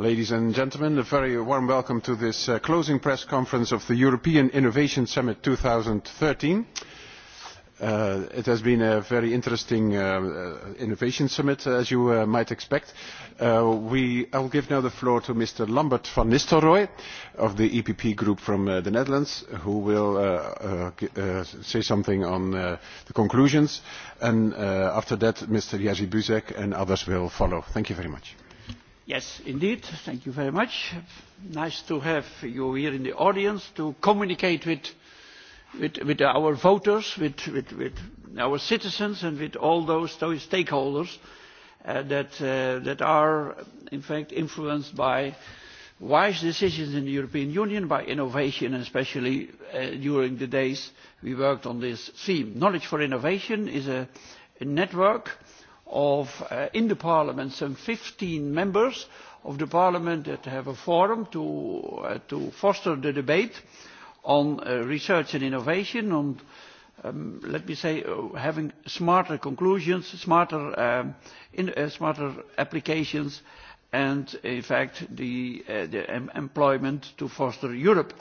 ladies and gentlemen a very warm welcome to this uh, closing press conference of the european innovation summit. two thousand and thirteen uh, it has been a very interesting uh, innovation summit as you might expect. i will give now the floor to mr lambert van nistelrooij of the epp group from the netherlands who will say something on the conclusions and after that mr jerzy buzek and others will follow. thank you very much. Yes, indeed. Thank you very much. Nice to have you here in the audience to communicate with, with, with our voters, with, with, with our citizens, and with all those, those stakeholders uh, that, uh, that are, in fact, influenced by wise decisions in the European Union, by innovation, and especially uh, during the days we worked on this theme. Knowledge for Innovation is a, a network of, uh, in the parliament, some 15 members of the parliament that have a forum to, uh, to foster the debate on uh, research and innovation, on, um, let me say, uh, having smarter conclusions, smarter, um, in, uh, smarter applications, and in fact, the, uh, the em employment to foster Europe.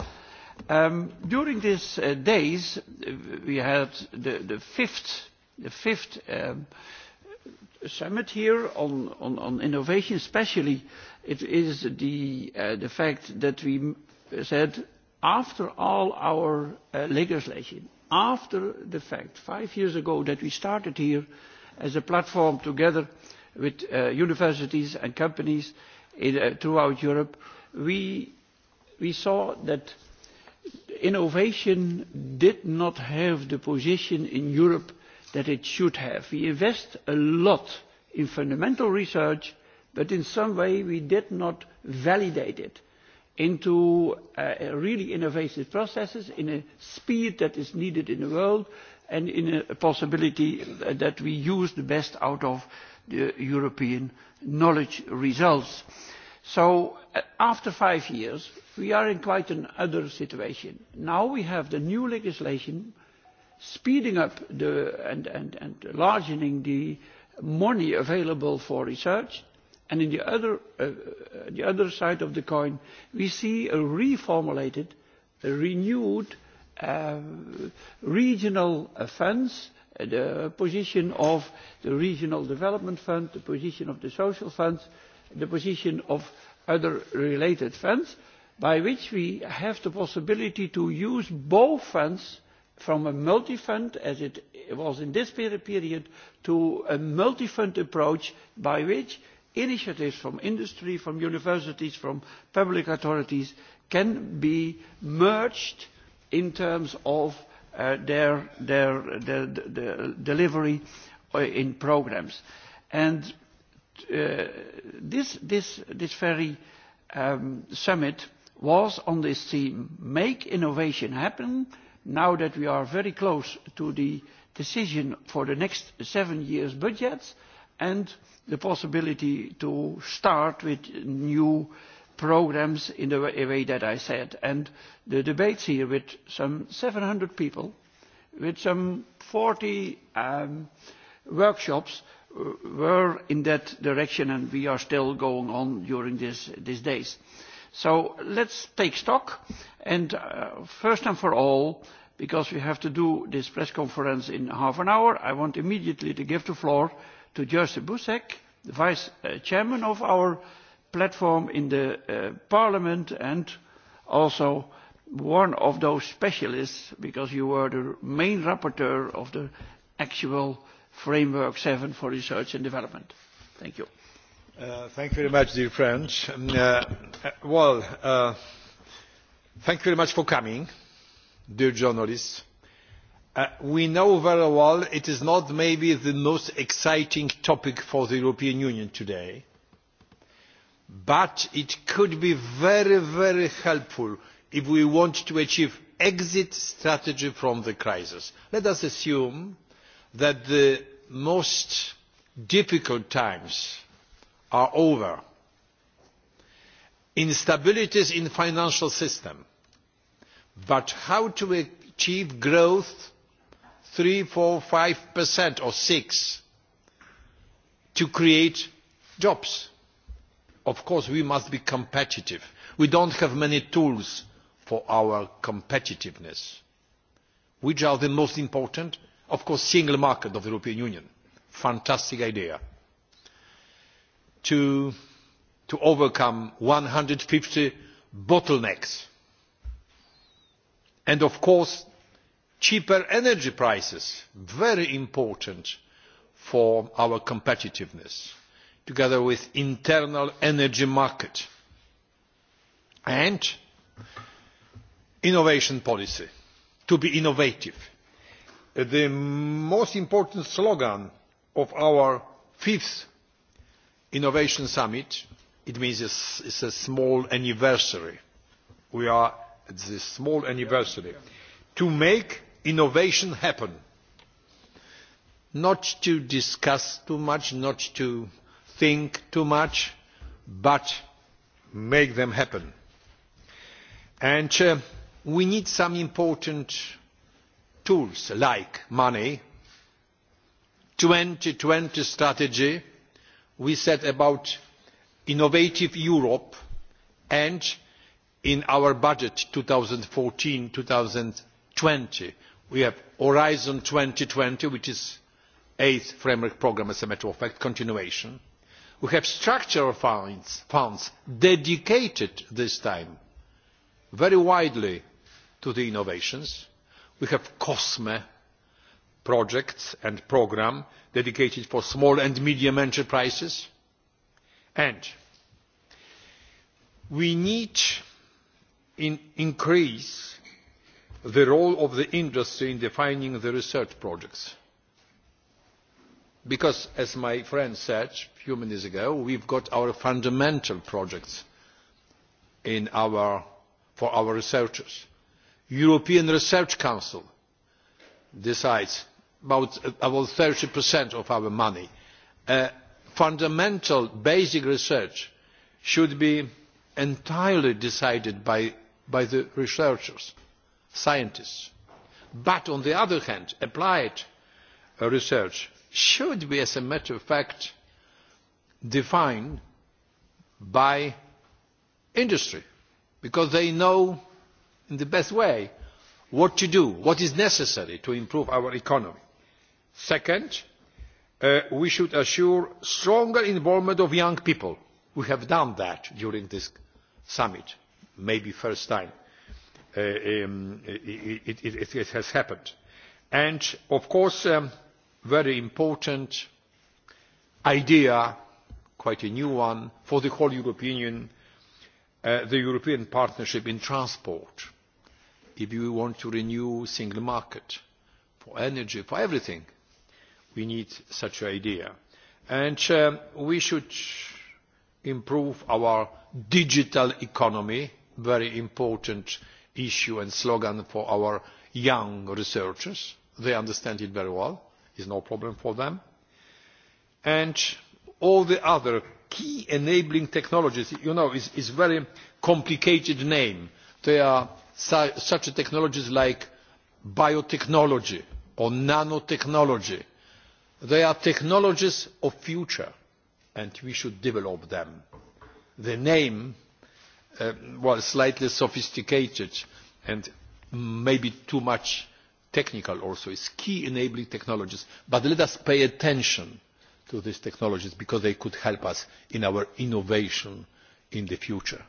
Um, during these uh, days, uh, we had the, the fifth, the fifth um, summit here on, on, on innovation, especially it is the, uh, the fact that we said after all our uh, legislation, after the fact, five years ago, that we started here as a platform together with uh, universities and companies in, uh, throughout Europe, we, we saw that innovation did not have the position in Europe that it should have. We invest a lot in fundamental research, but in some way we did not validate it into uh, really innovative processes in a speed that is needed in the world and in a possibility that we use the best out of the European knowledge results. So uh, after five years, we are in quite another situation. Now we have the new legislation, speeding up the, and, and, and largening the money available for research. And in the other, uh, uh the other side of the coin, we see a reformulated, a renewed uh, regional uh, funds, uh, the position of the regional development fund, the position of the social funds, the position of other related funds, by which we have the possibility to use both funds from a multi fund as it was in this period to a multi fund approach by which initiatives from industry from universities from public authorities can be merged in terms of uh, their, their, their, their delivery uh, in programmes. And uh, this, this, this very um, summit was on this theme, make innovation happen, uh, now that we are very close to the decision for the next seven years' budget and the possibility to start with new programmes in the way that i said and the debates here with some seven hundred people with some forty um, workshops uh, were in that direction and we are still going on during these this days. So let's take stock. And uh, first and for all, because we have to do this press conference in half an hour, I want immediately to give the floor to Jerzy Busek, the vice uh, chairman of our platform in the uh, parliament and also one of those specialists, because you were the main rapporteur of the actual framework 7 for research and development. Thank you. Uh, thank you very much dear friends um, uh, uh, well thank you very much for coming dear journalists we know very well it is not maybe the most exciting topic for the european union today but it could be very very helpful if we want to achieve exit strategy from the crisis let us assume that the most difficult times are over. instabilities in the financial system. but how to achieve growth 3, 4, 5% or 6 to create jobs? of course, we must be competitive. we don't have many tools for our competitiveness. which are the most important? of course, single market of the european union. fantastic idea to, to overcome 150 bottlenecks. And of course, cheaper energy prices, very important for our competitiveness, together with internal energy market and innovation policy, to be innovative. The most important slogan of our fifth innovation summit it means it is a small anniversary we are at this small anniversary to make innovation happen not to discuss too much not to think too much but make them happen and uh, we need some important tools like money the two thousand and twenty strategy we set about innovative europe and in our budget two thousand and fourteen two thousand and twenty we have horizon two thousand and twenty which is the eighth framework programme as a matter of fact continuation. we have structural funds, funds dedicated this time very widely to the innovations. we have cosme projects and programme dedicated to small and medium enterprises and we need to increase the role of the industry in defining the research projects because as my friend said a few minutes ago we have our fundamental projects in our, for our researchers. the european research council decides about thirty percent of our money. Uh, fundamental basic research should be entirely decided by by the researchers scientists but on the other hand applied uh, research should be as a matter of fact defined by industry because they know in the best way what to do what is necessary to improve our economy second uh, we should assure stronger involvement of young people we have done that during this summit maybe the first time uh, um, it has happened and of course a um, very important idea quite a new one for the whole european union uh, the european partnership in transport if you want to renew the single market for energy for everything we need such an idea. And uh, we should improve our digital economy, very important issue and slogan for our young researchers. They understand it very well. It's no problem for them. And all the other key enabling technologies, you know, is, is very complicated name. They are su such technologies like biotechnology or nanotechnology they are technologies of the future and we should develop them. the name uh, while slightly sophisticated and maybe too much technical also is key enabling technologies but let us pay attention to these technologies because they could help us in our innovation in the future.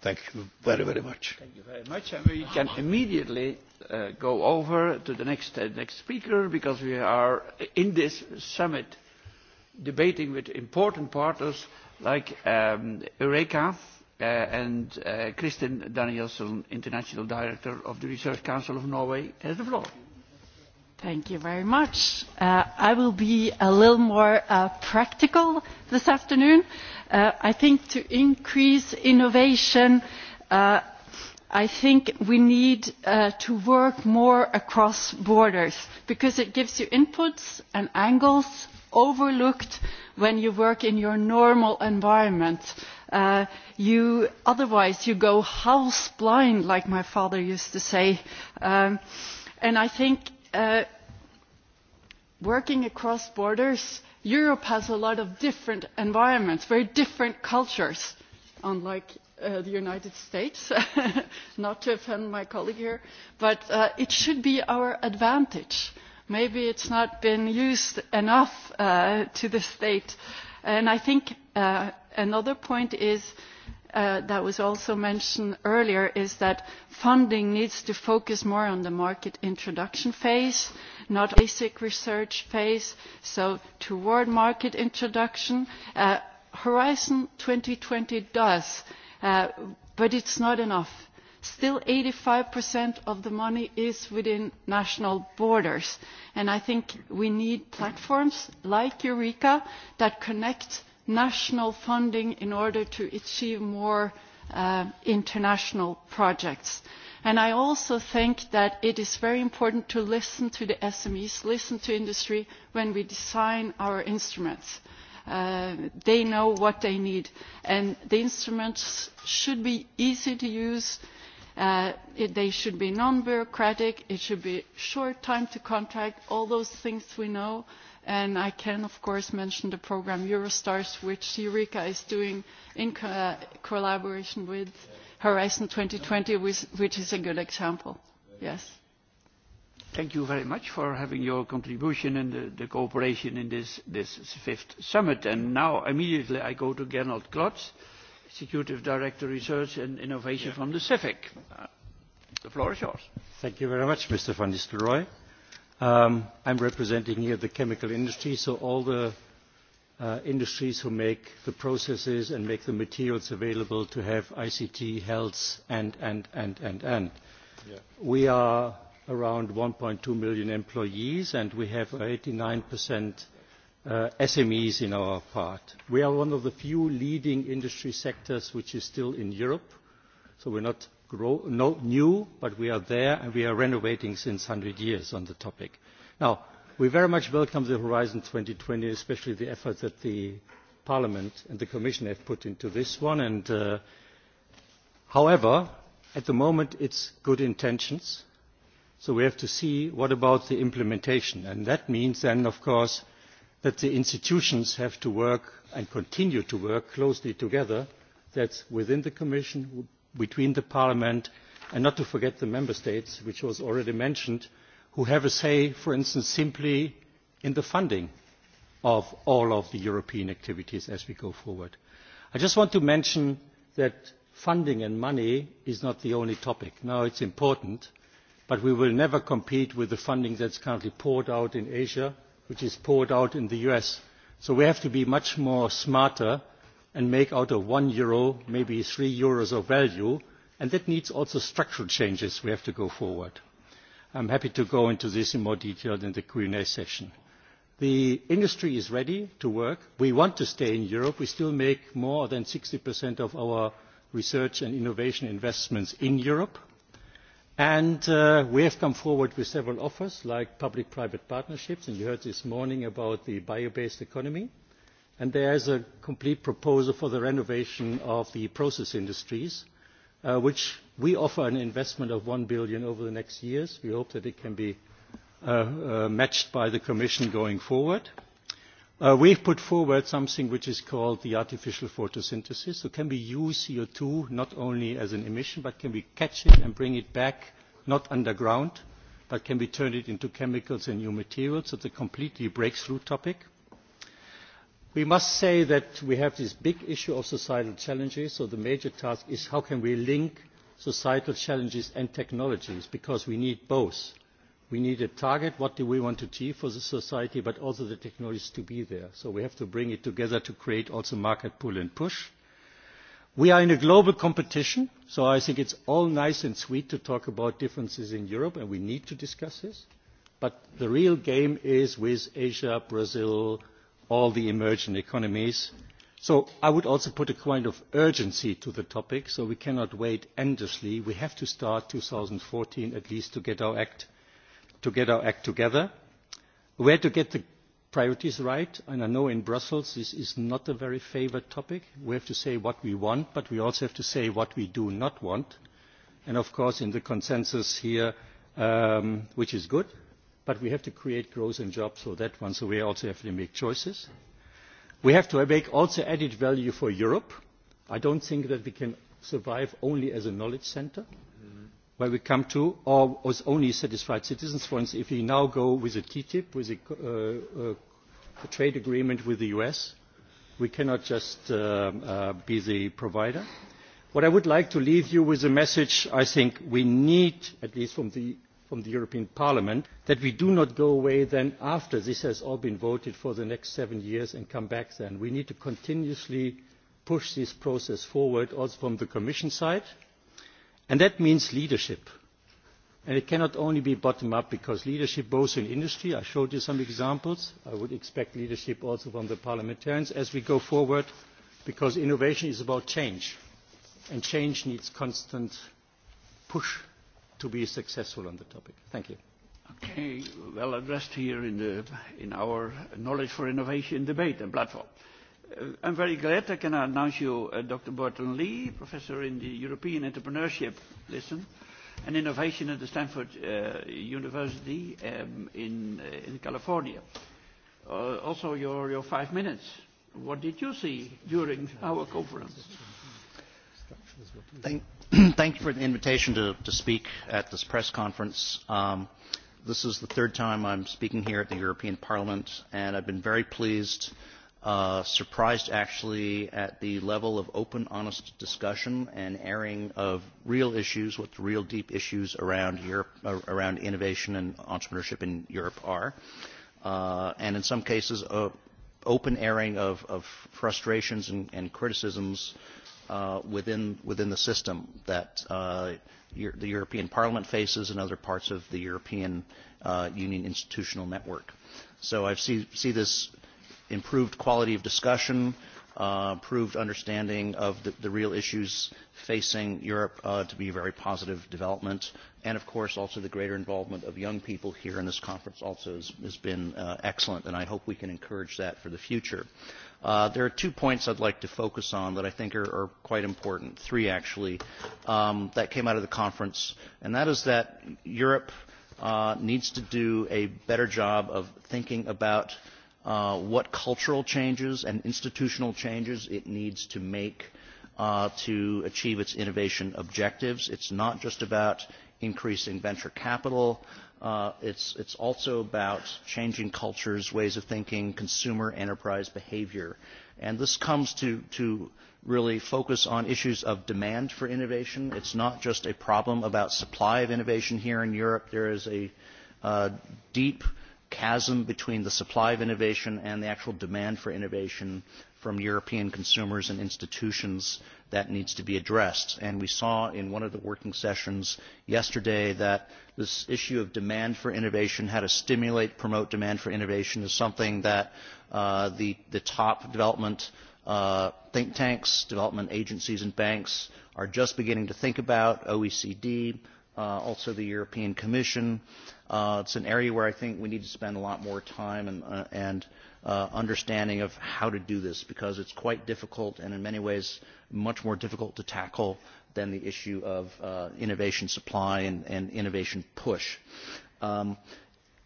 Thank you very, very much. Thank you very much. And we can immediately uh, go over to the next, uh, next speaker because we are in this summit debating with important partners like um, Eureka uh, and uh, Kristin Danielsson, International Director of the Research Council of Norway, has the floor. Thank you. Thank you very much. Uh, I will be a little more uh, practical this afternoon. Uh, I think to increase innovation, uh, I think we need uh, to work more across borders because it gives you inputs and angles overlooked when you work in your normal environment. Uh, you, otherwise, you go house blind, like my father used to say. Um, and I think Uh, working across borders, Europe has a lot of different environments, very different cultures, unlike uh, the United States, not to offend my colleague here, but uh, it should be our advantage. Maybe it's not been used enough uh, to the state. And I think uh, another point is Uh, that was also mentioned earlier is that funding needs to focus more on the market introduction phase, not basic research phase. So toward market introduction, uh, Horizon 2020 does, uh, but it's not enough. Still 85% of the money is within national borders. And I think we need platforms like Eureka that connect uh, national funding in order to achieve more uh, international projects. And I also think that it is very important to listen to the SMEs, listen to industry when we design our instruments. Uh, they know what they need. And the instruments should be easy to use. Uh, it, they should be non-bureaucratic. It should be short time to contract, all those things we know. Uh, And I can, of course, mention the program Eurostars, which Eureka is doing in co uh, collaboration with Horizon 2020, which, which is a good example. Yes. Thank you very much for having your contribution and the, the cooperation in this, this fifth summit. And now, immediately, I go to Gernot Klotz, Executive Director, Research and Innovation yeah. from the CIFIC. Uh, the floor is yours. Thank you very much, Mr. Van Nistelrooy. Uh, i am um, representing here the chemical industry so all the uh, industries who make the processes and make the materials available to have ict health and and and and. we are around. one two million employees and we have eighty nine uh, smes in our part. we are one of the few leading industry sectors which is still in europe so we are not No, new but we are there and we are renovating for one hundred years on the topic. we very much welcome the horizon two thousand and twenty especially the efforts that parliament and the commission have put into this one. Uh, however at the moment it is good intentions so we have to see what about the implementation and that means then of course that the institutions have to work and continue to work closely together that is within the commission between parliament and not to forget the member states which was already mentioned who have a say for instance simply in the funding of all of the european activities as we go forward. i just want to mention that funding and money is not the only topic. it is important but we will never compete with the funding that is currently poured out in asia which is poured out in the us. so we have to be much smarter and make out of one euro maybe three euros of value and that needs also structural changes if we have to go forward. i am happy to go into this in more detail in the qa session. the industry is ready to work. we want to stay in europe. we still make more than sixty of our research and innovation investments in europe and uh, we have come forward with several offers like public private partnerships and you heard this morning about the bio based economy and there is a complete proposal for the renovation of the process industries for uh, which we offer an investment of eur one billion over the next years. we hope that it can be uh, uh, matched by the commission going forward. we have put forward something which is called artificial photosynthesis so can we use co two not only as an emission but can we catch it and bring it back not underground but can we turn it into chemicals and new materials? that is a completely breakthrough topic we must say that we have this big issue of societal challenges so the major task is how can we link societal challenges and technologies because we need both. we need a target what do we want to achieve for the society but also the technologies to be there. so we have to bring it together to create also market pull and push. we are in a global competition so i think it is all nice and sweet to talk about differences in europe and we need to discuss this but the real game is with asia brazil all the emerging economies. so i would also put a kind of urgency to the topic so we cannot wait endlessly. we have to start two thousand and fourteen at least to get our act together. where to get the priorities right and i know in brussels this is not a very favoured topic. we have to say what we want but we also have to say what we do not want and of course in the consensus here um, which is good but we have to create growth and jobs for that one, so we also have to make choices. We have to make also added value for Europe. I don't think that we can survive only as a knowledge center where we come to, or as only satisfied citizens. For instance, if we now go with a TTIP, with a, uh, uh, a trade agreement with the US, we cannot just uh, uh, be the provider. What I would like to leave you with a message, I think we need, at least from the from the european parliament that we do not go away after this has all been voted for the next seven years and come back then. we need to continuously push this process forward also from the commission side and that means leadership. it cannot only be bottom up because leadership both in industry i showed you some examples i would expect leadership also from the parliamentarians as we go forward because innovation is about change and change needs constant push to be successful on the topic. Thank you. Okay, well addressed here in, the, in our Knowledge for Innovation debate and platform. Uh, I'm very glad I can announce you uh, Dr. Burton Lee, Professor in the European Entrepreneurship Listen and Innovation at the Stanford uh, University um, in, uh, in California. Uh, also, your, your five minutes. What did you see during our conference? Thank, thank you for the invitation to, to speak at this press conference. Um, this is the third time I'm speaking here at the European Parliament, and I've been very pleased, uh, surprised actually, at the level of open, honest discussion and airing of real issues, what the real deep issues around, Europe, uh, around innovation and entrepreneurship in Europe are, uh, and in some cases, uh, open airing of, of frustrations and, and criticisms uh, within, within the system that uh, the European Parliament faces and other parts of the European uh, Union institutional network. So I see, see this improved quality of discussion, uh, improved understanding of the, the real issues facing Europe uh, to be a very positive development, and of course also the greater involvement of young people here in this conference also has, has been uh, excellent, and I hope we can encourage that for the future. Uh, Uh, there are two points I'd like to focus on that I think are, are quite important, three actually, um, that came out of the conference, and that is that Europe uh, needs to do a better job of thinking about uh, what cultural changes and institutional changes it needs to make uh, to achieve its innovation objectives. It's not just about increasing venture capital. Uh, it's, it's also about changing cultures, ways of thinking, consumer enterprise behavior. And this comes to, to really focus on issues of demand for innovation. It's not just a problem about supply of innovation here in Europe. There is a uh, deep chasm between the supply of innovation and the actual demand for innovation from European consumers and institutions that needs to be addressed. And we saw in one of the working sessions yesterday that this issue of demand for innovation, how to stimulate, promote demand for innovation is something that uh, the, the top development uh, think tanks, development agencies and banks are just beginning to think about, OECD, uh, also the European Commission. Uh, it's an area where I think we need to spend a lot more time and, uh, and uh, uh, understanding of how to do this because it's quite difficult and in many ways much more difficult to tackle than the issue of uh, innovation supply and, and innovation push. Um,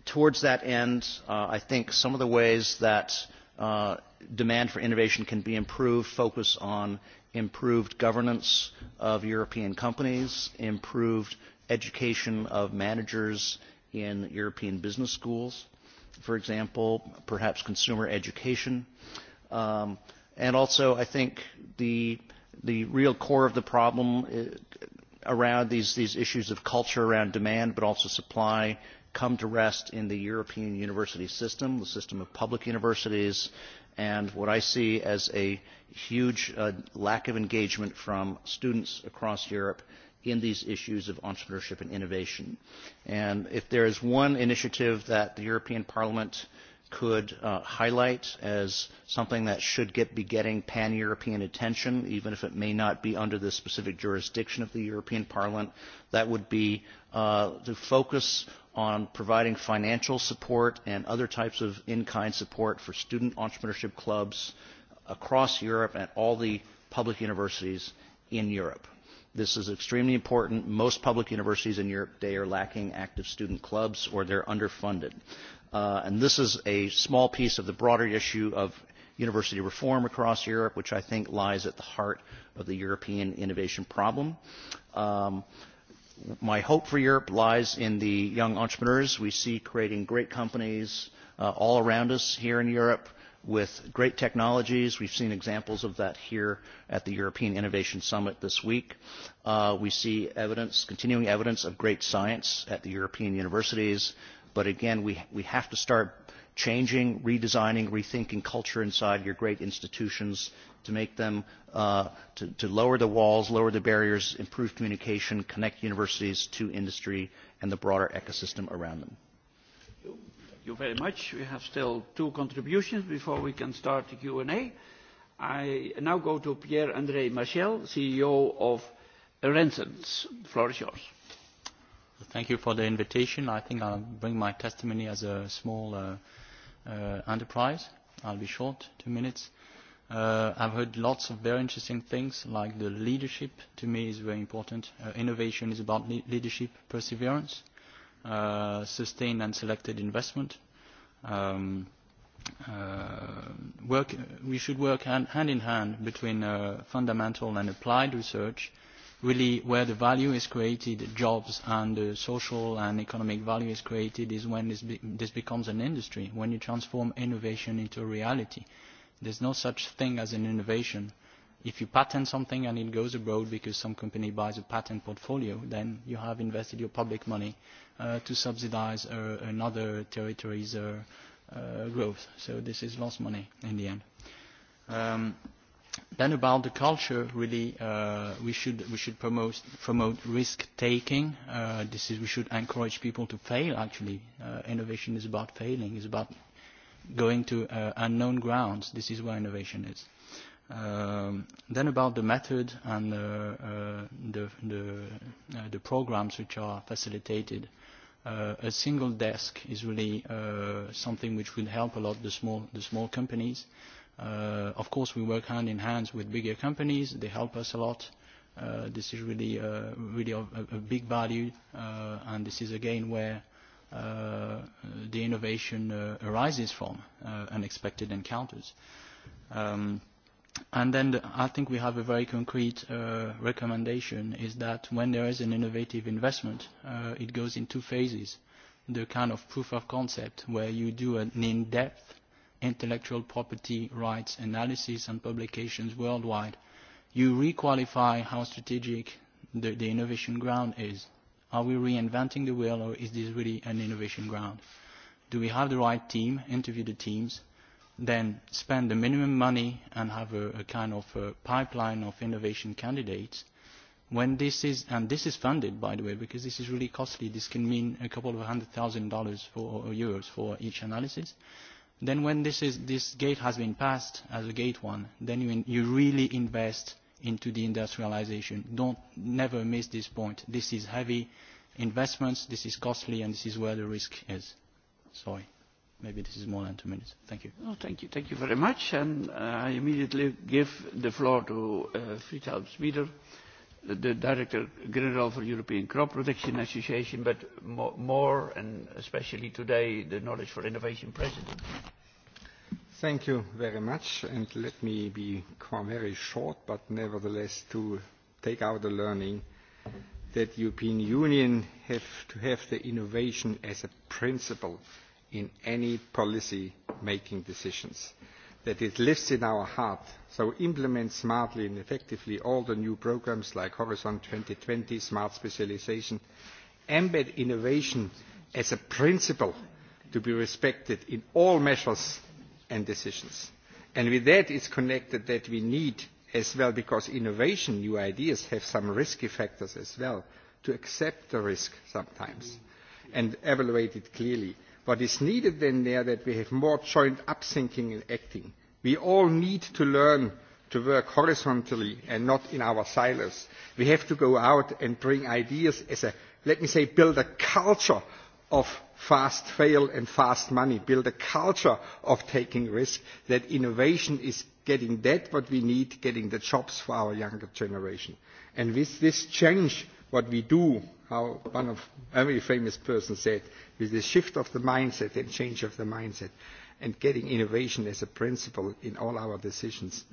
towards that end, uh, I think some of the ways that uh, demand for innovation can be improved focus on improved governance of European companies, improved education of managers in European business schools for example, perhaps consumer education. Um, and also, I think the, the real core of the problem uh, around these, these issues of culture around demand, but also supply, come to rest in the European university system, the system of public universities, and what I see as a huge uh, lack of engagement from students across Europe in these issues of entrepreneurship and innovation. And if there is one initiative that the European Parliament could uh, highlight as something that should get, be getting pan-European attention, even if it may not be under the specific jurisdiction of the European Parliament, that would be uh, to focus on providing financial support and other types of in-kind support for student entrepreneurship clubs across Europe and all the public universities in Europe. This is extremely important. Most public universities in Europe today are lacking active student clubs or they're underfunded. Uh, and this is a small piece of the broader issue of university reform across Europe, which I think lies at the heart of the European innovation problem. Um, my hope for Europe lies in the young entrepreneurs we see creating great companies, uh, uh, all around us here in Europe with great technologies. We've seen examples of that here at the European Innovation Summit this week. Uh, we see evidence, continuing evidence of great science at the European universities. But again, we, we have to start changing, redesigning, rethinking culture inside your great institutions to make them, uh, to, to lower the walls, lower the barriers, improve communication, connect universities to industry and the broader ecosystem around them you very much. We have still two contributions before we can start the Q&A. I now go to Pierre-André Machiel, CEO of Renaissance. The floor is yours. Thank you for the invitation. I think I'll bring my testimony as a small uh, uh, enterprise. I'll be short, two minutes. Uh, I've heard lots of very interesting things, like the leadership to me is very important. Uh, innovation is about le leadership, perseverance. Uh, uh, sustained and selected investment. Um, uh, work, we should work hand, hand in hand between uh, fundamental and applied research, really where the value is created, jobs and the social and economic value is created is when this, be, this becomes an industry, when you transform innovation into a reality. There's no such thing as an innovation if you patent something and it goes abroad because some company buys a patent portfolio, then you have invested your public money uh, to subsidize uh, another territory's uh, uh, growth. So this is lost money in the end. Um, then about the culture, really, uh, we should, we should promote, promote risk-taking. Uh, we should encourage people to fail, actually. Uh, innovation is about failing. It's about going to uh, unknown grounds. This is where innovation is. Uh, Um, then about the method and uh, uh, the, the, uh, the programs which are facilitated, uh, a single desk is really uh, something which would help a lot the small, the small companies. Uh, of course, we work hand in hand with bigger companies. They help us a lot. Uh, this is really, uh, really a, a big value, uh, and this is again where uh, the innovation uh, arises from uh, unexpected encounters. Um, then i think we have a very concrete uh, recommendation that when there is an innovative investment uh, it goes in two phases the kind of proof of concept where you do an in depth intellectual property rights analysis and publications worldwide. You requalify how strategic the, the innovation ground is. Are we reinventing the wheel or is this really an innovation ground? Do we have the right team, interview the teams, then spend the minimum money and have a kind of pipeline of innovation candidates and this is funded by the way because this is really costly this can mean a couple of hundred thousand dollars or euros for each analysis then when this gate has been passed as a gate one then you really invest into the industrialisation. do not never miss this point. this is heavy investments this is costly and this is where the risk is. sorry maybe this is more than two minutes. Thank you. Oh, thank you. Thank you very much. And uh, I immediately give the floor to uh, Friedhelm Schmieder, the, the Director General for European Crop Protection Association, but mo more and especially today, the Knowledge for Innovation President. Thank you very much. And let me be very short, but nevertheless to take out the learning that the European Union have to have the innovation as a principle in any policy making decisions that it lives in our heart so implement smartly and effectively all the new programmes like horizon two thousand and twenty smart specialisation embed innovation as a principle to be respected in all measures and decisions and with that it is connected that we need as well because innovation new ideas have some risky factors as well to accept the risk sometimes and evaluate it clearly. What is needed then there that we have more joint up thinking and acting. We all need to learn to work horizontally and not in our silos. We have to go out and bring ideas as a, let me say, build a culture of fast fail and fast money, build a culture of taking risk, that innovation is getting that what we need, getting the jobs for our younger generation. And with this change, what we do as one very famous person said with a shift of the mindset and change of the mindset and getting innovation as a principle in all our decisions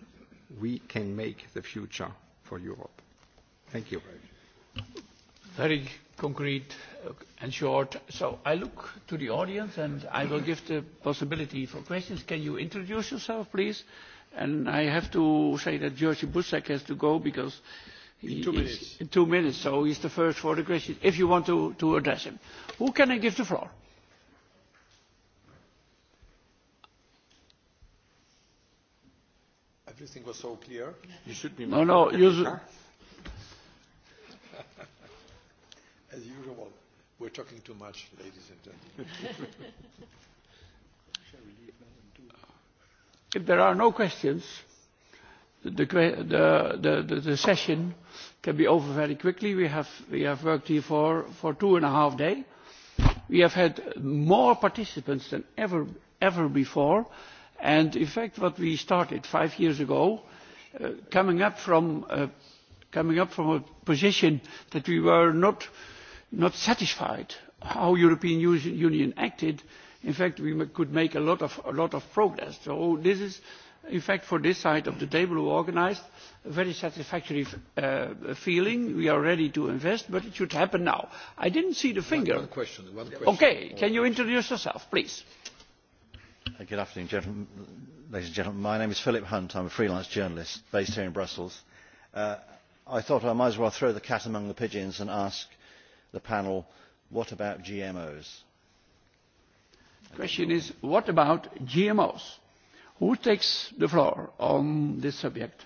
we can make the future for europe. thank you. very concrete uh, and short. so i look to the audience and i will give the possibility for questions. can you introduce yourself please? and i have to say that georgi busek has to go because in two minutes so he is the first for the question if you want to address him. who can i give the floor? everything was so clear. you should be. no, no. as usual, we're talking too much, ladies and gentlemen. if there are no questions, the, the, the, the, the session can be over very quickly. We have, we have worked here for, for two and a half days. We have had more participants than ever, ever before. And in fact, what we started five years ago, uh, coming, up from a, uh, coming up from a position that we were not, not satisfied how European Union acted, in fact, we could make a lot of, a lot of progress. So this is, in fact for this side of the table who organised a very satisfactory uh, feeling. We are ready to invest, but it should happen now. I didn't see the finger. One question. One question. Okay, can you introduce yourself, please? Uh, good afternoon, gentlemen. ladies and gentlemen. My name is Philip Hunt. I'm a freelance journalist based here in Brussels. Uh, I thought I might as well throw the cat among the pigeons and ask the panel, what about GMOs? The question is, what about GMOs? Who takes the floor on this subject?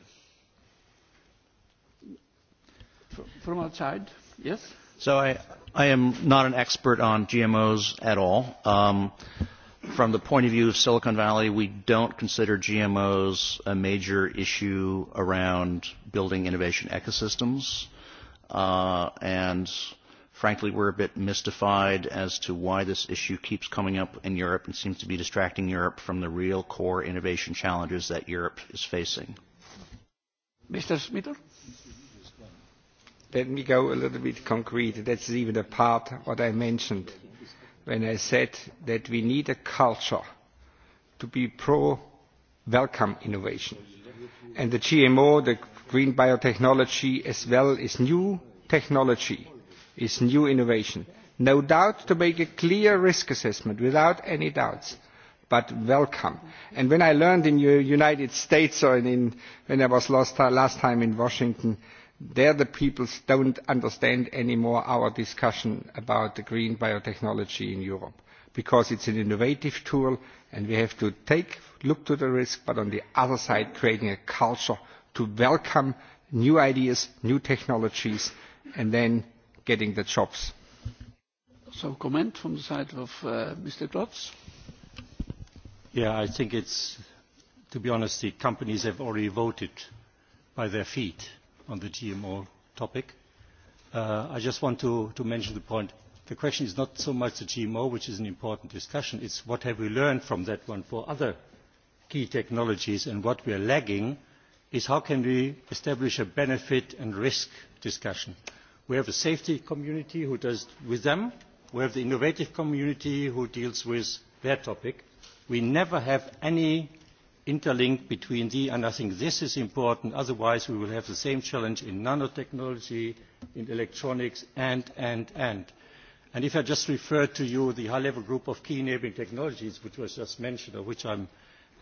From outside, yes? So I, I am not an expert on GMOs at all. Um, from the point of view of Silicon Valley, we don't consider GMOs a major issue around building innovation ecosystems. Uh, and uh, frankly, we're a bit mystified as to why this issue keeps coming up in Europe and seems to be distracting Europe from the real core innovation challenges that Europe is facing. Mr. Smither? Let me go a little bit concrete. That's even a part of what I mentioned when I said that we need a culture to be pro welcome innovation. And the GMO, the green biotechnology as well is new technology is new innovation no doubt to make a clear risk assessment without any doubts but welcome. when i learned in the united states or when i was last time in washington there the people do not understand anymore our discussion about green biotechnology in europe because it is an innovative tool and we have to take a look at the risk but on the other side creating a culture to welcome new ideas new technologies and then getting the jobs. So, comment from the side of uh, Mr. Klotz? Yeah, I think it's, to be honest, the companies have already voted by their feet on the GMO topic. Uh, I just want to, to mention the point. The question is not so much the GMO, which is an important discussion. It's what have we learned from that one for other key technologies and what we are lagging is how can we establish a benefit and risk discussion we have a safety community which deals with them we have the innovative community which deals with their topic. we never have any interlink between these and i think this is important otherwise we will have the same challenge in nanotechnology in electronics and and and. and if i just refer to you the high level group of key enabling technologies which was just mentioned of which i am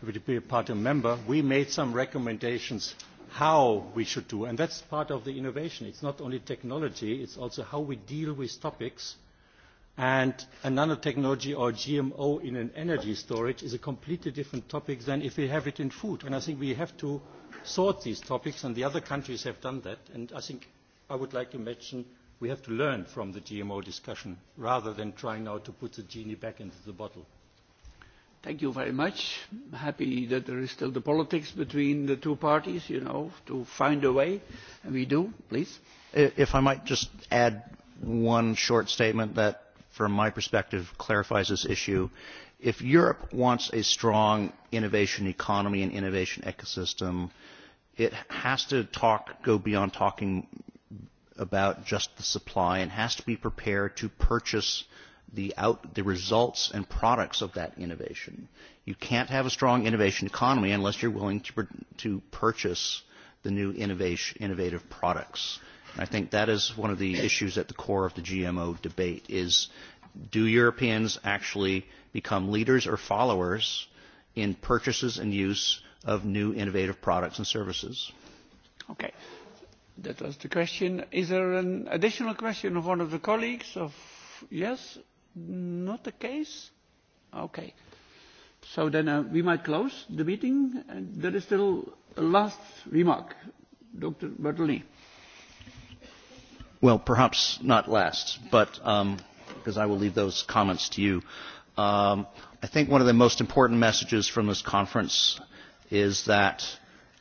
happy to be a part and a member we made some recommendations how we should do and that is part of the innovation it is not only technology it is also how we deal with topics and nanotechnology or gmo in an energy storage is a completely different topic than if we have it in food and i think we have to sort these topics and the other countries have done that and i think i would like to mention we have to learn from the gmo discussion rather than trying now to put the genie back into the bottle Thank you very much. I'm happy that there is still the politics between the two parties, you know, to find a way. And we do, please. If I might just add one short statement that, from my perspective, clarifies this issue. If Europe wants a strong innovation economy and innovation ecosystem, it has to talk, go beyond talking about just the supply and has to be prepared to purchase the, out, the results and products of that innovation. You can't have a strong innovation economy unless you're willing to, to purchase the new innovation, innovative products. And I think that is one of the issues at the core of the GMO debate is do Europeans actually become leaders or followers in purchases and use of new innovative products and services? Okay. That was the question. Is there an additional question of one of the colleagues? Of Yes? Not the case? Okay. So then uh, we might close the meeting. And uh, there is still a last remark, Dr. Bertolini. Well, perhaps not last, but um, because um, I will leave those comments to you. Um, I think one of the most important messages from this conference is that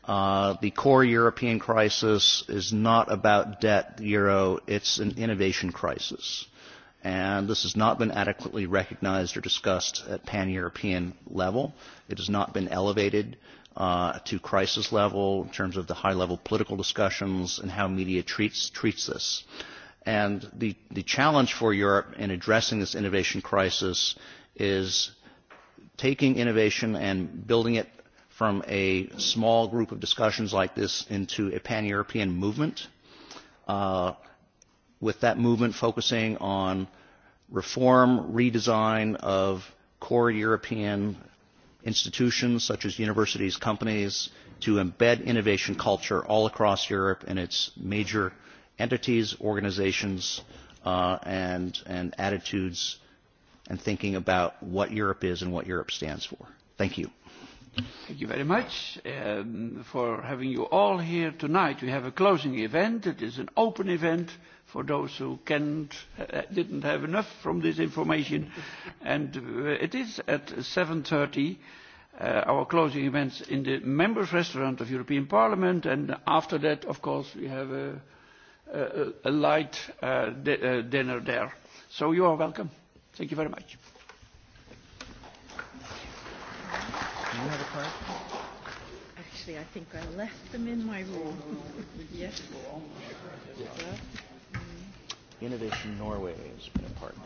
uh, the core European crisis is not about debt euro, it's an innovation crisis. Uh, and this has not been adequately recognized or discussed at pan-European level. It has not been elevated uh, to crisis level in terms of the high-level political discussions and how media treats, treats this. And the, the challenge for Europe in addressing this innovation crisis is taking innovation and building it from a small group of discussions like this into a pan-European movement. Uh, with that movement focusing on reform, redesign of core European institutions such as universities, companies, to embed innovation culture all across Europe and its major entities, organizations, uh, and, and attitudes and thinking about what Europe is and what Europe stands for. Thank you. Thank you very much um, for having you all here tonight. We have a closing event. It is an open event for those who can't, uh, didn't have enough from this information. And uh, it is at 7.30. Uh, our closing events in the members' restaurant of European Parliament. And after that, of course, we have a, a, a light uh, di uh, dinner there. So you are welcome. Thank you very much. you have a card? Actually, I think I left them in my room. yes. Innovation Norway has been a partner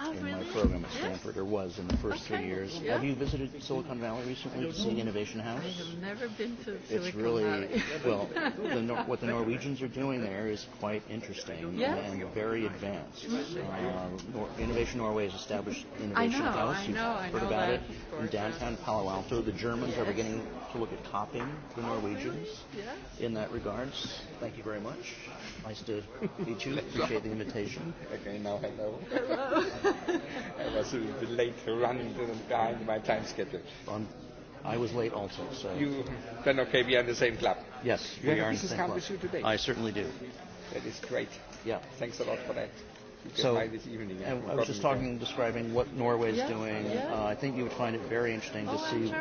oh, in really? my program at Stanford, yes. or was in the first okay. three years. Yeah. Have you visited Silicon Valley recently to see the Innovation House? I have never been to Silicon It's really, Valley. well, the Nor- what the Norwegians are doing there is quite interesting yes. and, and very advanced. Mm-hmm. Uh, Nor- Innovation Norway has established Innovation I know, House. You've I know, heard I know about that, it. In downtown Palo Alto, the Germans yes. are beginning to look at copying the Norwegians oh, really? yes. in that regard. Thank you very much. Nice to meet you. Appreciate the invitation. Okay, now I know. Hello. I was a bit late running behind my time schedule. Um, I was late also. So you then okay? We are in the same club. Yes, you we have are in the same club. With you today. I certainly do. That is great. Yeah. Thanks a lot for that. So, this evening, and uh, I was just talking, there. describing what Norway is yeah, doing. Yeah. Uh, I think you would find it very interesting to oh, see sure.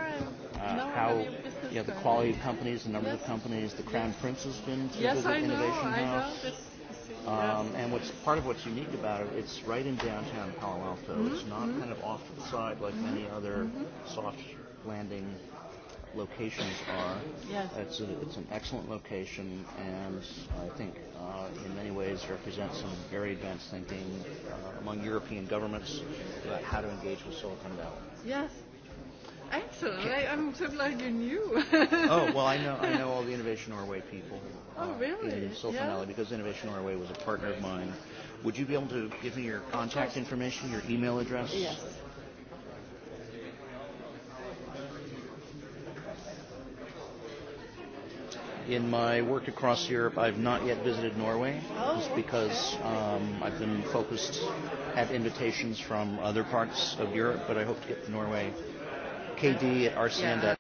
uh, how you know, the quality of companies, the number yes. of companies, the Crown yes. Prince has been to yes, the I innovation know, house. I know. Um, and what's part of what's unique about it, it's right in downtown Palo Alto. Mm-hmm. It's not mm-hmm. kind of off to the side like mm-hmm. many other mm-hmm. soft landing locations are. Yes. It's, a, it's an excellent location, and I think uh, in many ways represents some very advanced thinking uh, among European governments about how to engage with Silicon Valley. Yes, Excellent. Okay. I, I'm so glad you knew. oh, well, I know, I know all the Innovation Norway people. Oh, uh, oh, really? In Silicon Valley, yeah. because Innovation Norway was a partner of mine. Would you be able to give me your contact yes. information, your email address? Yes. In my work across Europe, I've not yet visited Norway, oh, just because okay. um, I've been focused at invitations from other parts of Europe. But I hope to get to Norway kd at rsanda.